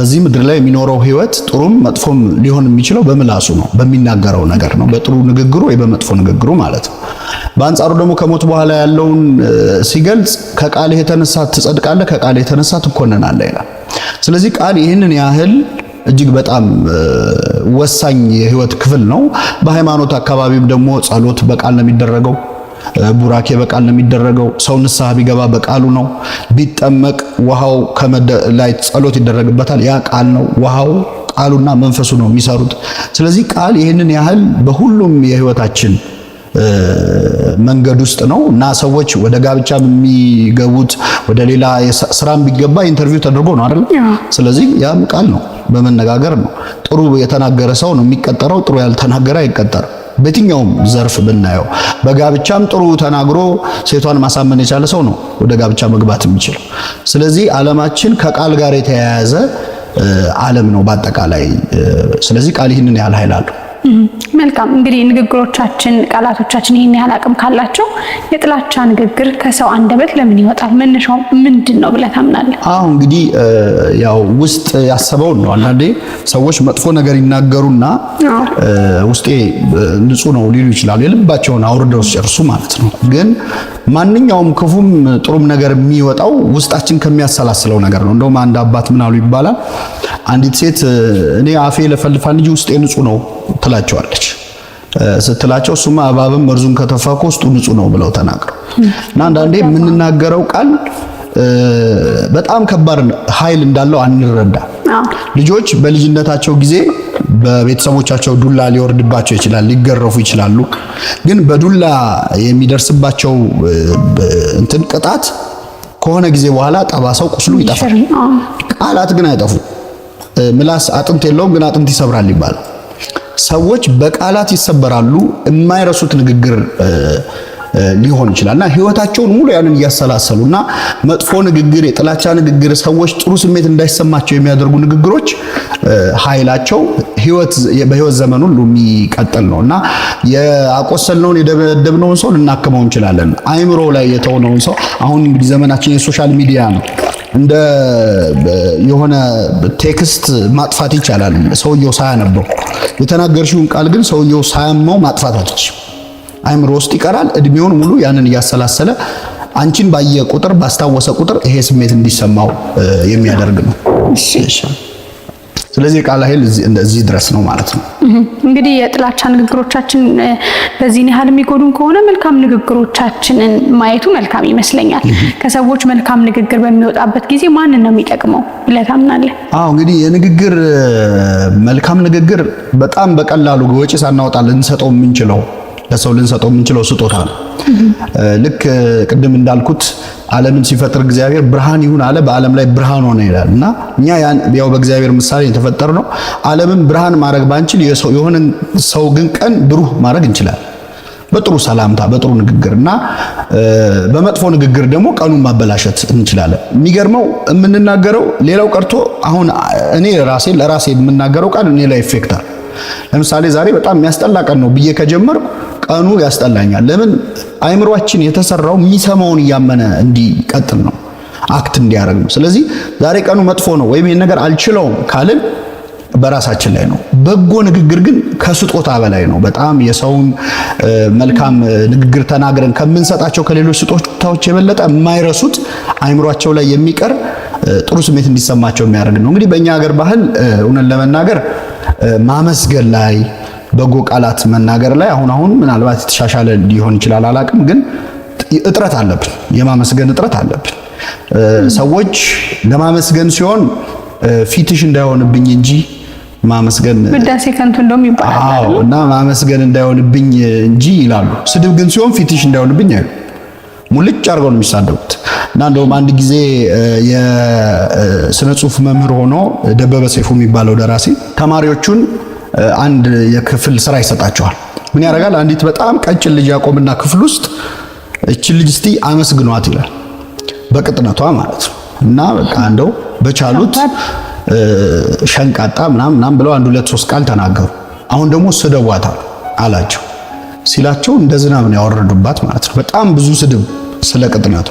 በዚህ ምድር ላይ የሚኖረው ህይወት ጥሩም መጥፎም ሊሆን የሚችለው በምላሱ ነው፣ በሚናገረው ነገር ነው፣ በጥሩ ንግግሩ ወይ በመጥፎ ንግግሩ ማለት ነው። በአንጻሩ ደግሞ ከሞት በኋላ ያለውን ሲገልጽ ከቃልህ የተነሳ ትጸድቃለህ፣ ከቃልህ የተነሳ ትኮነናለህ ይላል። ስለዚህ ቃል ይህንን ያህል እጅግ በጣም ወሳኝ የህይወት ክፍል ነው። በሃይማኖት አካባቢም ደግሞ ጸሎት በቃል ነው የሚደረገው። ቡራኬ በቃል ነው የሚደረገው። ሰው ንስሐ ቢገባ በቃሉ ነው። ቢጠመቅ ውሃው ላይ ጸሎት ይደረግበታል። ያ ቃል ነው። ውሃው ቃሉና መንፈሱ ነው የሚሰሩት። ስለዚህ ቃል ይህንን ያህል በሁሉም የህይወታችን መንገድ ውስጥ ነው እና ሰዎች ወደ ጋብቻ የሚገቡት ወደ ሌላ ስራም ቢገባ ኢንተርቪው ተደርጎ ነው አይደል? ስለዚህ ያም ቃል ነው፣ በመነጋገር ነው። ጥሩ የተናገረ ሰው ነው የሚቀጠረው፣ ጥሩ ያልተናገረ አይቀጠርም። በየትኛውም ዘርፍ ብናየው በጋብቻም ጥሩ ተናግሮ ሴቷን ማሳመን የቻለ ሰው ነው ወደ ጋብቻ መግባት የሚችለው። ስለዚህ ዓለማችን ከቃል ጋር የተያያዘ ዓለም ነው በአጠቃላይ። ስለዚህ ቃል ይህንን ያህል ኃይል አለው። መልካም እንግዲህ ንግግሮቻችን፣ ቃላቶቻችን ይህን ያህል አቅም ካላቸው የጥላቻ ንግግር ከሰው አንደበት ለምን ይወጣል? መነሻው ምንድን ነው ብለህ ታምናለህ? አሁ እንግዲህ ያው ውስጥ ያሰበውን ነው። አንዳንዴ ሰዎች መጥፎ ነገር ይናገሩና ውስጤ ንጹህ ነው ሊሉ ይችላሉ። የልባቸውን አውርደው ሲጨርሱ ማለት ነው። ግን ማንኛውም ክፉም ጥሩም ነገር የሚወጣው ውስጣችን ከሚያሰላስለው ነገር ነው። እንደውም አንድ አባት ምን አሉ ይባላል አንዲት ሴት እኔ አፌ ለፈልፋን እንጂ ውስጤ ንጹህ ነው ትላቸዋለች ስትላቸው እሱማ እባብም መርዙን ከተፋ እኮ ውስጡ ንጹህ ነው ብለው ተናግረው እና አንዳንዴ የምንናገረው ቃል በጣም ከባድ ኃይል እንዳለው አንረዳ። ልጆች በልጅነታቸው ጊዜ በቤተሰቦቻቸው ዱላ ሊወርድባቸው ይችላል፣ ሊገረፉ ይችላሉ። ግን በዱላ የሚደርስባቸው እንትን ቅጣት ከሆነ ጊዜ በኋላ ጠባሳው፣ ቁስሉ ይጠፋል። ቃላት ግን አይጠፉም። ምላስ አጥንት የለውም ግን አጥንት ይሰብራል ይባላል። ሰዎች በቃላት ይሰበራሉ። የማይረሱት ንግግር ሊሆን ይችላልና ህይወታቸውን ሙሉ ያንን እያሰላሰሉና መጥፎ ንግግር፣ የጥላቻ ንግግር፣ ሰዎች ጥሩ ስሜት እንዳይሰማቸው የሚያደርጉ ንግግሮች ኃይላቸው ህይወት በህይወት ዘመን ሁሉ የሚቀጥል ነውና ያቆሰልነውን የደበደብነውን ሰው ልናክመው እንችላለን። አይምሮ ላይ የተሆነውን ሰው አሁን እንግዲህ ዘመናችን የሶሻል ሚዲያ ነው። እንደ የሆነ ቴክስት ማጥፋት ይቻላል፣ ሰውየው ሳያነበው። የተናገርሽውን ቃል ግን ሰውየው ሳያመው ማጥፋት አትችም። አይምሮ ውስጥ ይቀራል። እድሜውን ሙሉ ያንን እያሰላሰለ አንቺን ባየ ቁጥር ባስታወሰ ቁጥር ይሄ ስሜት እንዲሰማው የሚያደርግ ነው። ስለዚህ የቃል ኃይል እዚህ ድረስ ነው ማለት ነው። እንግዲህ የጥላቻ ንግግሮቻችን በዚህን ያህል የሚጎዱን ከሆነ መልካም ንግግሮቻችንን ማየቱ መልካም ይመስለኛል። ከሰዎች መልካም ንግግር በሚወጣበት ጊዜ ማንን ነው የሚጠቅመው ብለህ ታምናለህ? አዎ እንግዲህ የንግግር መልካም ንግግር በጣም በቀላሉ ወጪ ሳናወጣ ልንሰጠው የምንችለው ለሰው ልንሰጠው የምንችለው ስጦታ ነው። ልክ ቅድም እንዳልኩት ዓለምን ሲፈጥር እግዚአብሔር ብርሃን ይሁን አለ፣ በዓለም ላይ ብርሃን ሆነ ይላል እና እኛ ያው በእግዚአብሔር ምሳሌ የተፈጠር ነው። ዓለምን ብርሃን ማድረግ ባንችል የሆነ ሰው ግን ቀን ብሩህ ማድረግ እንችላለን በጥሩ ሰላምታ በጥሩ ንግግር እና በመጥፎ ንግግር ደግሞ ቀኑን ማበላሸት እንችላለን። የሚገርመው የምንናገረው ሌላው ቀርቶ አሁን እኔ ራሴ ለራሴ የምናገረው ቃል እኔ ላይ ኢፌክታል። ለምሳሌ ዛሬ በጣም የሚያስጠላ ቀን ነው ብዬ ከጀመርኩ ቀኑ ያስጠላኛል። ለምን አይምሯችን የተሰራው የሚሰማውን እያመነ እንዲቀጥል ነው፣ አክት እንዲያደርግ ነው። ስለዚህ ዛሬ ቀኑ መጥፎ ነው ወይም ይህን ነገር አልችለውም ካልን በራሳችን ላይ ነው። በጎ ንግግር ግን ከስጦታ በላይ ነው። በጣም የሰውን መልካም ንግግር ተናግረን ከምንሰጣቸው ከሌሎች ስጦታዎች የበለጠ የማይረሱት አይምሯቸው ላይ የሚቀር ጥሩ ስሜት እንዲሰማቸው የሚያደርግ ነው። እንግዲህ በእኛ ሀገር ባህል እውነት ለመናገር ማመስገን ላይ በጎ ቃላት መናገር ላይ አሁን አሁን ምናልባት የተሻሻለ ሊሆን ይችላል አላቅም፣ ግን እጥረት አለብን። የማመስገን እጥረት አለብን። ሰዎች ለማመስገን ሲሆን ፊትሽ እንዳይሆንብኝ እንጂ ማመስገን ውዳሴ ከንቱ እንደውም ይባላል። አዎ እና ማመስገን እንዳይሆንብኝ እንጂ ይላሉ። ስድብ ግን ሲሆን ፊትሽ እንዳይሆንብኝ አይሉ ሙልጭ አድርገው ነው የሚሳደቡት። እና እንደውም አንድ ጊዜ የስነ ጽሁፍ መምህር ሆኖ ደበበ ሰይፉ የሚባለው ደራሲ ተማሪዎቹን አንድ የክፍል ስራ ይሰጣቸዋል። ምን ያደርጋል? አንዲት በጣም ቀጭን ልጅ ያቆምና ክፍል ውስጥ እቺ ልጅ እስቲ አመስግኗት ይላል። በቅጥነቷ ማለት ነው። እና በቃ እንደው በቻሉት ሸንቃጣ ምናምን ምናምን ብለው አንድ ሁለት ሶስት ቃል ተናገሩ። አሁን ደግሞ ስደቧታል አላቸው። ሲላቸው እንደ ዝናብ ነው ያወረዱባት ማለት ነው። በጣም ብዙ ስድብ ስለ ቅጥነቷ።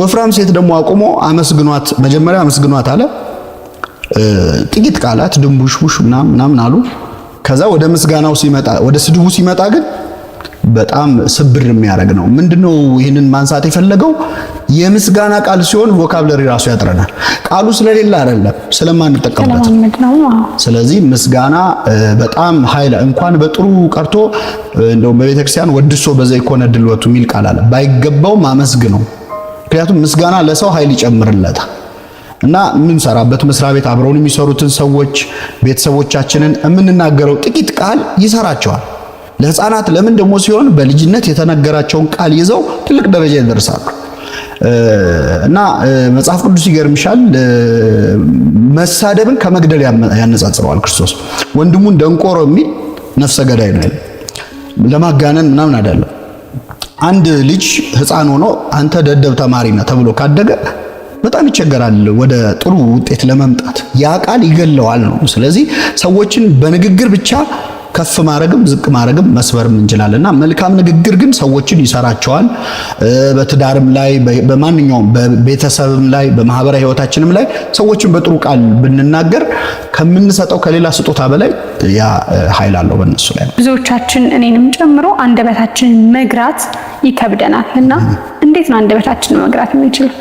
ወፍራም ሴት ደግሞ አቁሞ አመስግኗት፣ መጀመሪያ አመስግኗት አለ። ጥቂት ቃላት ድንቡሽቡሽ ምናምን ምናምን አሉ። ከዛ ወደ ምስጋናው ሲመጣ ወደ ስድቡ ሲመጣ ግን በጣም ስብር የሚያደርግ ነው። ምንድነው ይህንን ማንሳት የፈለገው? የምስጋና ቃል ሲሆን ቮካብለሪ ራሱ ያጥረናል። ቃሉ ስለሌለ አይደለም፣ ስለማንጠቀምበት። ስለዚህ ምስጋና በጣም ኃይለ እንኳን በጥሩ ቀርቶ እንደውም በቤተክርስቲያን ወድሶ በዛ ይኮነ ድልወቱ የሚል ቃል አለ። ባይገባው ማመስግነው፣ ምክንያቱም ምስጋና ለሰው ኃይል ይጨምርለታል። እና የምንሰራበት መስሪያ ቤት አብረውን የሚሰሩትን ሰዎች ቤተሰቦቻችንን የምንናገረው ጥቂት ቃል ይሰራቸዋል። ለህፃናት ለምን ደግሞ ሲሆን በልጅነት የተነገራቸውን ቃል ይዘው ትልቅ ደረጃ ይደርሳሉ። እና መጽሐፍ ቅዱስ ይገርምሻል፣ መሳደብን ከመግደል ያነጻጽረዋል ክርስቶስ። ወንድሙን ደንቆሮ የሚል ነፍሰ ገዳይ ነው ለማጋነን ምናምን አይደለም። አንድ ልጅ ህፃን ሆኖ አንተ ደደብ ተማሪ ነህ ተብሎ ካደገ በጣም ይቸገራል ወደ ጥሩ ውጤት ለመምጣት። ያ ቃል ይገለዋል ነው። ስለዚህ ሰዎችን በንግግር ብቻ ከፍ ማድረግም ዝቅ ማድረግም መስበርም እንችላለን እና መልካም ንግግር ግን ሰዎችን ይሰራቸዋል። በትዳርም ላይ በማንኛውም በቤተሰብም ላይ በማህበራዊ ህይወታችንም ላይ ሰዎችን በጥሩ ቃል ብንናገር ከምንሰጠው ከሌላ ስጦታ በላይ ያ ኃይል አለው በእነሱ ላይ። ብዙዎቻችን እኔንም ጨምሮ አንደበታችንን መግራት ይከብደናል እና እንዴት ነው አንደበታችንን መግራት የምንችለው?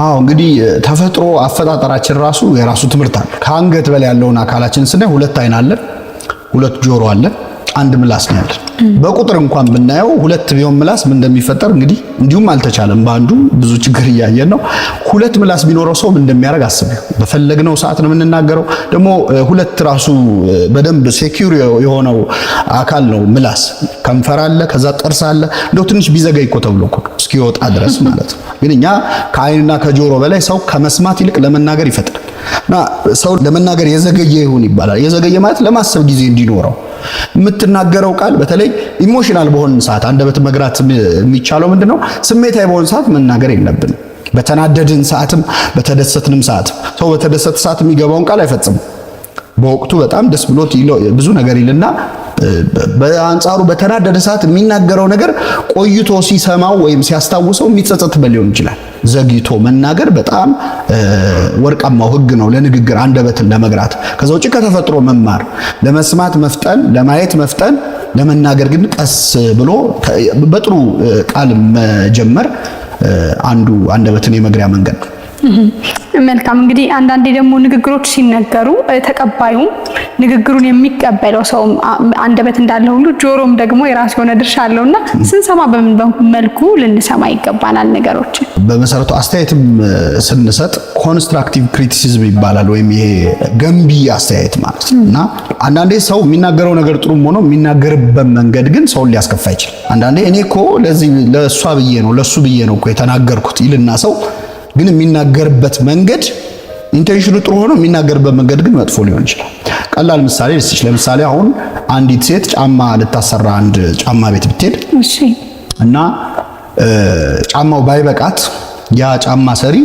አዎ እንግዲህ ተፈጥሮ አፈጣጠራችን ራሱ የራሱ ትምህርት አለ። ከአንገት በላይ ያለውን አካላችን ስናይ ሁለት አይን አለን፣ ሁለት ጆሮ አለን አንድ ምላስ ነው ያለን። በቁጥር እንኳን ብናየው ሁለት ቢሆን ምላስ ምን እንደሚፈጠር እንግዲህ እንዲሁም አልተቻለም። በአንዱ ብዙ ችግር እያየን ነው። ሁለት ምላስ ቢኖረው ሰው ምን እንደሚያደርግ አስብ። በፈለግነው ሰዓት ነው የምንናገረው። ደግሞ ሁለት ራሱ በደንብ ሴኪዩር የሆነው አካል ነው ምላስ። ከንፈር አለ፣ ከዛ ጥርስ አለ። እንደው ትንሽ ቢዘገይ እኮ ተብሎ እኮ እስኪወጣ ድረስ ማለት ነው። ግን እኛ ከአይንና ከጆሮ በላይ ሰው ከመስማት ይልቅ ለመናገር ይፈጥራል እና ሰው ለመናገር የዘገየ ይሁን ይባላል። የዘገየ ማለት ለማሰብ ጊዜ እንዲኖረው የምትናገረው ቃል በተለይ ኢሞሽናል በሆን ሰዓት አንደበት መግራት የሚቻለው ምንድነው? ስሜታዊ በሆን ሰዓት መናገር የለብን። በተናደድን ሰዓትም በተደሰትንም ሰዓት ሰው በተደሰተ ሰዓት የሚገባውን ቃል አይፈጽም። በወቅቱ በጣም ደስ ብሎት ብዙ ነገር ይልና በአንጻሩ በተናደደ ሰዓት የሚናገረው ነገር ቆይቶ ሲሰማው ወይም ሲያስታውሰው የሚጸጸትበት ሊሆን ይችላል። ዘግይቶ መናገር በጣም ወርቃማው ህግ ነው ለንግግር አንደበትን ለመግራት። ከዛ ውጭ ከተፈጥሮ መማር ለመስማት መፍጠን፣ ለማየት መፍጠን፣ ለመናገር ግን ቀስ ብሎ በጥሩ ቃል መጀመር አንዱ አንደበትን የመግሪያ መንገድ ነው። መልካም እንግዲህ አንዳንዴ ደግሞ ንግግሮች ሲነገሩ ተቀባዩ ንግግሩን የሚቀበለው ሰው አንደበት እንዳለ ሁሉ ጆሮም ደግሞ የራሱ የሆነ ድርሻ እና ስንሰማ በምን መልኩ ልንሰማ ይገባናል? ነገሮችን በመሰረቱ አስተያየትም ስንሰጥ ኮንስትራክቲቭ ክሪቲሲዝም ይባላል፣ ወይም ይሄ ገንቢ አስተያየት ማለት እና አንዳንዴ ሰው የሚናገረው ነገር ጥሩም ሆኖ የሚናገርበት መንገድ ግን ሰውን ሊያስከፋ ይችላል። አንዳንዴ እኔ እኮ ለዚህ ለእሷ ብዬ ነው ለእሱ ብዬ ነው እኮ የተናገርኩት ይልና ሰው ግን የሚናገርበት መንገድ ኢንቴንሽኑ ጥሩ ሆኖ የሚናገርበት መንገድ ግን መጥፎ ሊሆን ይችላል። ቀላል ምሳሌ ልስጥሽ። ለምሳሌ አሁን አንዲት ሴት ጫማ ልታሰራ አንድ ጫማ ቤት ብትሄድ እና ጫማው ባይበቃት ያ ጫማ ሰሪ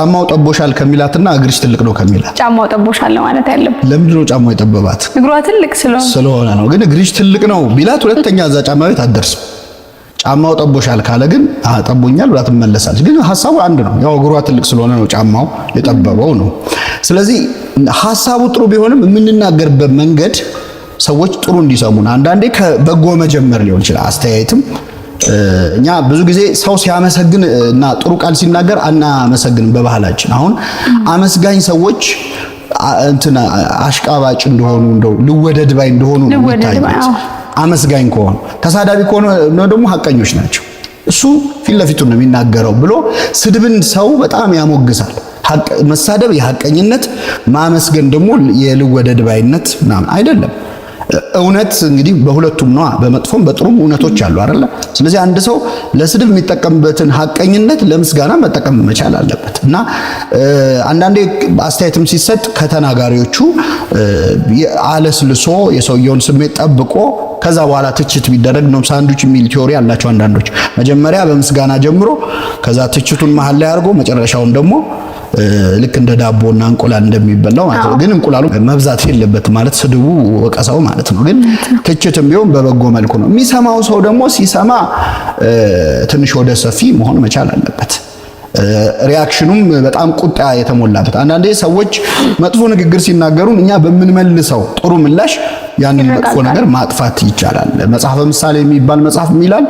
ጫማው ጠቦሻል ከሚላትና እግርሽ ትልቅ ነው ከሚላት ጫማው ጠቦሻል ማለት ያለው። ለምንድን ነው ጫማው የጠበባት? እግሯ ትልቅ ስለሆነ ስለሆነ ነው። ግን እግርሽ ትልቅ ነው ቢላት ሁለተኛ እዛ ጫማ ቤት አትደርስም። ጫማው ጠቦሻል ካለ ግን ጠቦኛል ብላ ትመለሳለች። ግን ሀሳቡ አንድ ነው። ያው እግሯ ትልቅ ስለሆነ ነው ጫማው የጠበበው ነው። ስለዚህ ሀሳቡ ጥሩ ቢሆንም የምንናገርበት መንገድ ሰዎች ጥሩ እንዲሰሙን አንዳንዴ ከበጎ መጀመር ሊሆን ይችላል። አስተያየትም እኛ ብዙ ጊዜ ሰው ሲያመሰግን እና ጥሩ ቃል ሲናገር አናመሰግንም በባህላችን። አሁን አመስጋኝ ሰዎች እንትን አሽቃባጭ እንደሆኑ እንደው ልወደድ ባይ እንደሆኑ ነው የሚታየው። አመስጋኝ ከሆኑ፣ ተሳዳቢ ከሆኑ ደግሞ ሐቀኞች ናቸው። እሱ ፊት ነው የሚናገረው ብሎ ስድብን ሰው በጣም ያሞግሳል። መሳደብ የሐቀኝነት ማመስገን ደግሞ የልወደድ ባይነት ምናምን አይደለም። እውነት እንግዲህ በሁለቱም ነዋ፣ በመጥፎም በጥሩም እውነቶች አሉ አይደለ? ስለዚህ አንድ ሰው ለስድብ የሚጠቀምበትን ሐቀኝነት ለምስጋና መጠቀም መቻል አለበት እና አንዳንዴ አስተያየትም ሲሰጥ ከተናጋሪዎቹ አለስልሶ የሰውየውን ስሜት ጠብቆ ከዛ በኋላ ትችት ቢደረግ ነው ሳንዱች የሚል ቲዮሪ አላቸው አንዳንዶች። መጀመሪያ በምስጋና ጀምሮ ከዛ ትችቱን መሀል ላይ አድርጎ መጨረሻውን ደግሞ ልክ እንደ ዳቦ እና እንቁላል እንደሚበላው ማለት ነው። ግን እንቁላሉ መብዛት የለበት ማለት ስድቡ ወቀሳው ማለት ነው። ግን ትችትም ቢሆን በበጎ መልኩ ነው የሚሰማው። ሰው ደግሞ ሲሰማ ትንሽ ወደ ሰፊ መሆን መቻል አለበት። ሪያክሽኑም በጣም ቁጣ የተሞላበት አንዳንዴ ሰዎች መጥፎ ንግግር ሲናገሩን እኛ በምንመልሰው ጥሩ ምላሽ ያንን መጥፎ ነገር ማጥፋት ይቻላል። መጽሐፈ ምሳሌ የሚባል መጽሐፍ ይላል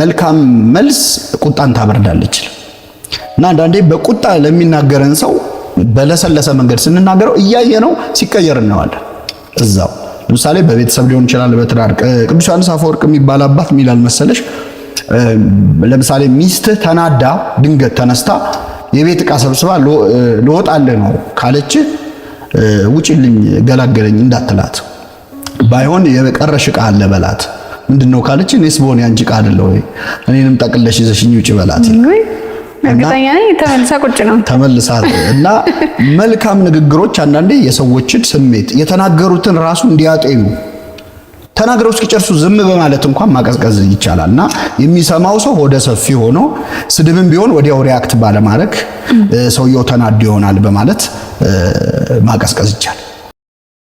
መልካም መልስ ቁጣን ታበርዳለች እና አንዳንዴ በቁጣ ለሚናገረን ሰው በለሰለሰ መንገድ ስንናገረው እያየ ነው ሲቀየር እናዋለን እዛው ለምሳሌ በቤተሰብ ሊሆን ይችላል፣ በትዳር ቅዱስ ዮሐንስ አፈወርቅ የሚባል አባት ሚላል መሰለሽ ለምሳሌ ሚስትህ ተናዳ ድንገት ተነስታ የቤት እቃ ሰብስባ ልወጣልህ ነው ካለች ውጭልኝ ገላገለኝ እንዳትላት ባይሆን የቀረሽ ዕቃ አለ በላት። ምንድን ነው ካለች እኔስ በሆነ ያንቺ ዕቃ አይደለ ወይ እኔንም ጠቅለሽ ይዘሽኝ ውጪ በላት። እርግጠኛ ነኝ ተመልሳ ቁጭ ነው ተመልሳ እና መልካም ንግግሮች አንዳንዴ የሰዎችን ስሜት የተናገሩትን ራሱ እንዲያጤኑ ተናግረው እስኪጨርሱ ዝም በማለት እንኳን ማቀዝቀዝ ይቻላል እና የሚሰማው ሰው ሆደ ሰፊ ሆኖ ስድብም ቢሆን ወዲያው ሪያክት ባለማድረግ ሰውየው ተናዶ ይሆናል በማለት ማቀዝቀዝ ይቻላል።